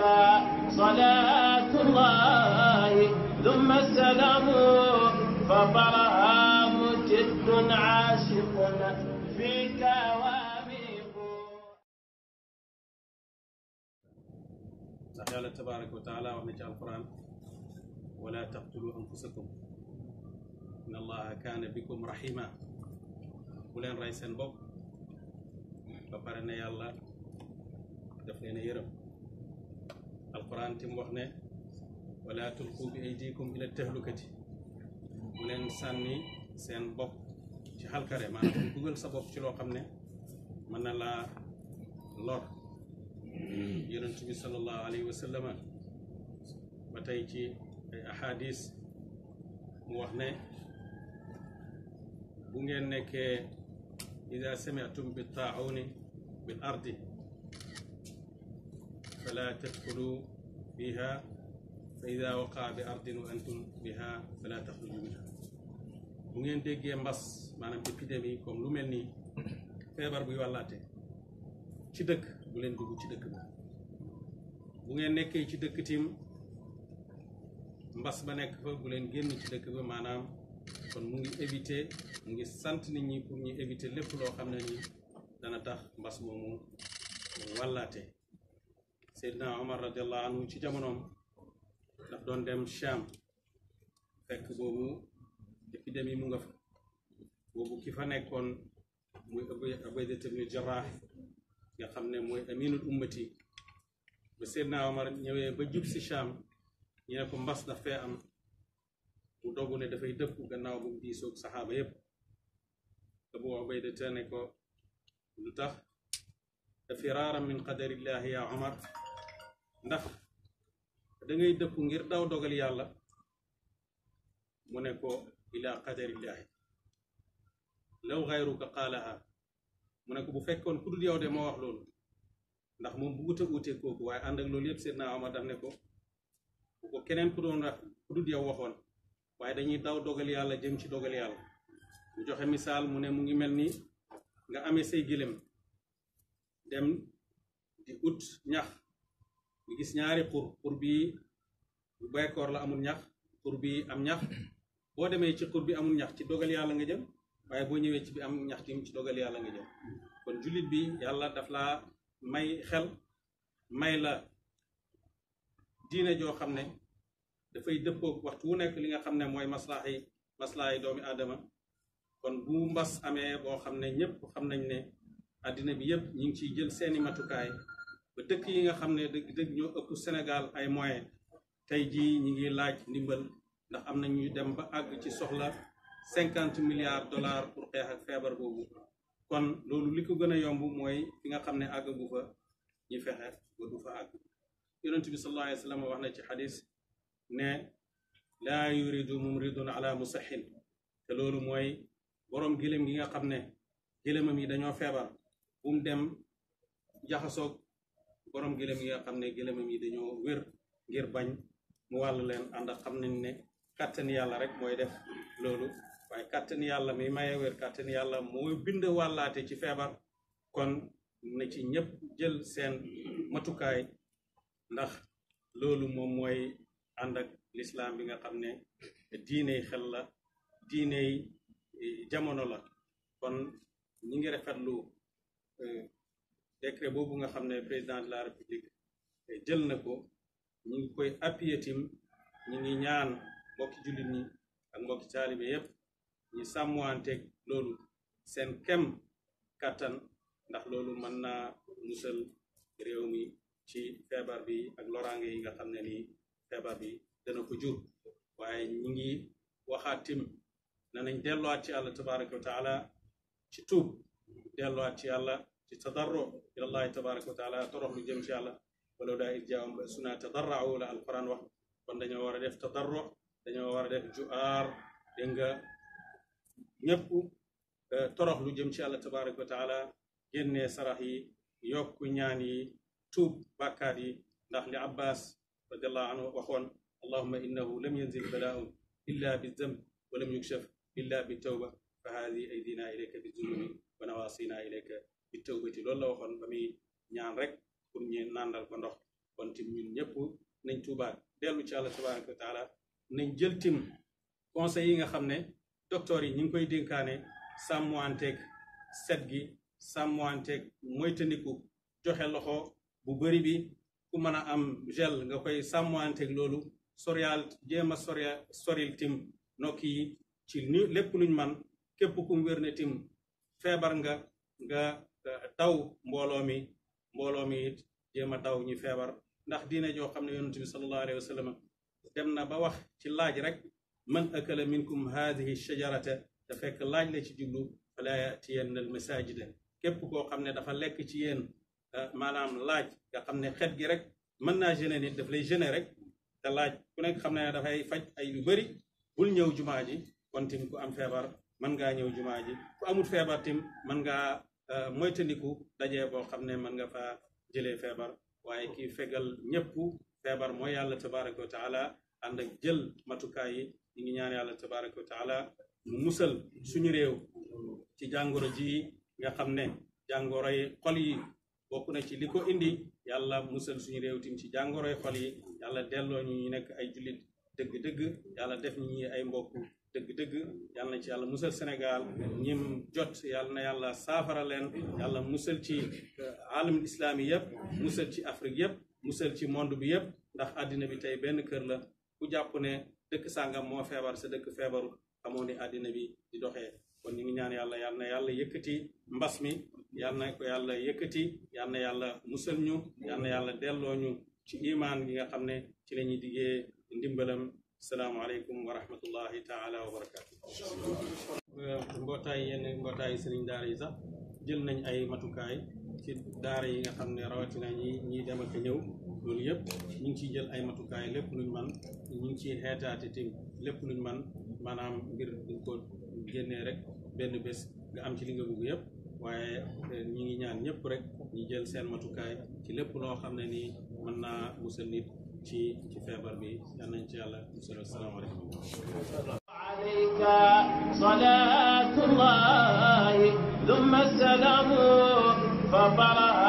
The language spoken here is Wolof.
عليك صلاة الله ثم السلام فطرها مجد عاشق فيك واميق صلى الله تبارك وتعالى ومجع القرآن ولا تقتلوا أنفسكم إن الله كان بكم رحيما leen rey seen bopp ba pare ne yàlla daf leen a yërëm alquran te mu wax ne wala tulqu bi aydikum ila tehlukati leen sànni seen bopp ci xalkare maanaam dugal sa bopp ci loo xam ne mën na laa lor yonent bi sallallahu alayhi wa sallama ba tey ci ahadis mu wax ne bu ngeen nekkee ida sami'tum bi taa'uni bil ardi fala tadxulu فيها فإذا وقع بأرض وأنتم بها فلا تخرجوا منها bu ngeen déggee mbas maanaam épidémie comme lu mel ni feebar buy wàllaate ci dëkk bu leen dugg ci dëkk bi bu ngeen nekkee ci dëkk tim mbas ba nekk fa bu leen génn ci dëkk ba maanaam kon mu ngi éviter mu ngi sant ni ñi pour ñu éviter lépp loo xam ne nii dana tax mbas moomu wàllaate Seydina Omar radiallahu anhu ci jamonoom daf doon dem Cham fekk boobu épidémie mu nga boobu ki fa nekkoon muy Ubaydat ibnu Jarrah nga xam ne mooy aminul ummati ba Seydina Omar ñëwee ba jub si Cham ñu ko mbas daf fee am mu dogg ne dafay dëkku gannaaw bu diisoog saxaaba yépp Abu Ubayda ne ko lu tax firaara min qadarillahi ya Omar ndax dangay dëpp ngir daw dogal yàlla mu ne ko ila qadarillaahi law xayruka qaalaha mu ne ko bu fekkoon ku dul yow de moo wax loolu ndax moom buggut a uute kooku waaye ànd ak loolu yëpp seet na ama daf ne ko bu ko keneen ku doon wax ku dul yow waxoon waaye dañuy daw dogal yàlla jëm ci dogal yàlla mu joxe misaal mu ne mu ngi mel ni nga amee say gëlëm dem di ut ñax ñu gis ñaari xur xur bi bu baykoor la amul ñax xur bii am ñax boo demee ci xur bi amul ñax ci dogal yàlla nga jëm waaye boo ñëwee ci bi am ñax tim ci dogal yàlla nga jëm kon jullit bi yàlla daf la may xel may la diine joo xam ne dafay dëppoog waxtu wu nekk li nga xam ne mooy maslaax yi maslaax yi doomi adama kon bu mbas amee boo xam ne ñëpp xam nañ ne àddina bi yëpp ñu ngi ciy jël seeni matukaay ba dëkk yi nga xam ne dëgg dëgg ñoo ëpp Sénégal ay moyen tey jii ñi ngi laaj ndimbal ndax am na ñuy dem ba àgg ci soxla cinquante milliards dollars pour xeex feebar boobu kon loolu li ko gën a yomb mooy fi nga xam ne àgg gu fa ñu fexe ba du fa àgg bi sallallahu wax na ci xadis ne laa yuridu mumridun ala musaxin te loolu mooy boroom gëlëm gi nga xam ne gëlëmam yi dañoo feebar bu mu dem jaxasoog borom gëlëm yi nga xam ne gëlëmam yi dañoo wér ngir bañ mu wàll leen ànd xam nañ ne kàttan yàlla rek mooy def loolu waaye kàttan yàlla mi maye wér kàttan yàlla mooy bind wàllaate ci feebar kon na ci ñëpp jël seen matukaay ndax loolu moom mooy ànd ak lislaam bi nga xam ne diiney xel la diiney eh, jamono la kon ñi ngi rafetlu eh, décret boobu nga xam ne président de la république jël na ko ñu ngi koy appuyé tim ñu ngi ñaan mbokki jullit ñi ak mbokki taalibe yépp ñu sàmmanteeg loolu seen kem kàttan ndax loolu mën naa musal réew mi ci feebar bi ak loraange yi nga xam ne nii feebar bi dana ko jur waaye ñu ngi waxaat tim na nañ delluwaat ci yàlla tabaraka wa taala ci tuub delluwaat ci yàlla ci tadarro ila llahi tabaraka wa taala toroxlu jëm ci yàlla walaw daa it jaawam ba sunaa tadarrau la alquran wax kon dañoo war a def tadarro dañoo war a def juaar dégg nga ñëpp eh, toroxlu jëm ci yàlla tabaraka wa taala génnee sarax yi yokku ñaan yi tuub bàkkaat yi ndax li abbas radiallahu anhu waxoon allahuma innahu lam yanzil balaa'un illa bi zamb wa lam yukshaf illa bi tawba fa haadihi aydina ilayka bi zunubi wa nawasina ilayka bi tawbati loolu la waxoon ba muy ñaan rek pour ñu nàndal ko ndox kon tim ñun ñëpp nañ tuubaat dellu ci àlla tabaraka wa nañ jël tim conseils yi nga xam ne docteur yi ñu ngi koy dénkaane sàmmanteeg set gi sàmmanteeg moytandiku joxe loxo bu bëri bi ku mën a am gel nga koy sàmmanteeg loolu sorial jéem a soria soril tim nokk yi ci lépp luñ man képp ku mu wér tim feebar nga nga taw mbooloo mi mbooloo mi it jéem taw ñu feebar ndax diine joo xam ne yonent bi sallallahu alayhi wa sallam dem na ba wax ci laaj rek man akala minkum haadihi shajarata te fekk laaj la ci jublu fala yatiyanna al masajida képp koo xam ne dafa lekk ci yéen eh, maanaam laaj nga xam ne xet gi rek mën naa gêné nit daf lay gêné rek te laaj ku nekk xam ne dafay faj ay yu bëri bul ñëw jumaa ji kon tim ku am feebar mën ngaa ñëw jumaa ji ku feebar tim mën ngaa Euh, moytandiku dajee boo xam ne mën nga fa jële feebar waaye kii fegal ñëpp feebar mooy yàlla tabaraka wa taala ànd ak jël matukaay yi ngi ñaan yàlla tabaraka wa taala mu musal suñu réew ci jàngoro ji nga xam ne jàngoroy xol yi bokk na ci li ko indi yàlla musal suñu réew tim ci jàngoroy xol yi yàlla delloo ñu ñu nekk ay jullit dëgg-dëgg yàlla def ñi ay mbokk dëgg-dëgg yàlla ci yàlla musal Sénégal ñim jot yàlla na yàlla saafara leen yàlla musal ci euh, alamul islaami yëpp musal ci Afrique yëpp musal ci monde bi yëpp ndax àddina bi tey benn kër la ku jàpp ne dëkk sàngam moo feebar sa dëkk feebaru xamoo ni àddina bi di doxee kon ñu ngi ñaan yàlla yàlla na yàlla yëkkati mbas mi yàlla na ko yàlla yëkkati yàlla na yàlla musal ñu yàlla na yàlla ñu ci imaan gi nga xam ci la ñuy ndimbalam salaamaaleykum wa rahmatullahi taala wa barakaatu mbootaay yenn mbootaay yi sax jël nañ ay matukaay ci daara yi nga xam ne rawatina ñi ñiy dem ak ñëw loolu yëpp ñu ngi ciy jël ay matukaay lépp luñ man ñu ngi ciy xeetaate lépp luñ man maanaam ngir duñ rek benn bés nga am ci li nga bugg yëpp waaye eh, ñi ngi ñaan ñëpp rek ñu jël seen matukaay ci lépp loo xam ne nii mën naa musal nit ci ci feebar bi yal nañ ci yàlla musal asalaamaaleykum alayka salaatullahi thumma salaamu fa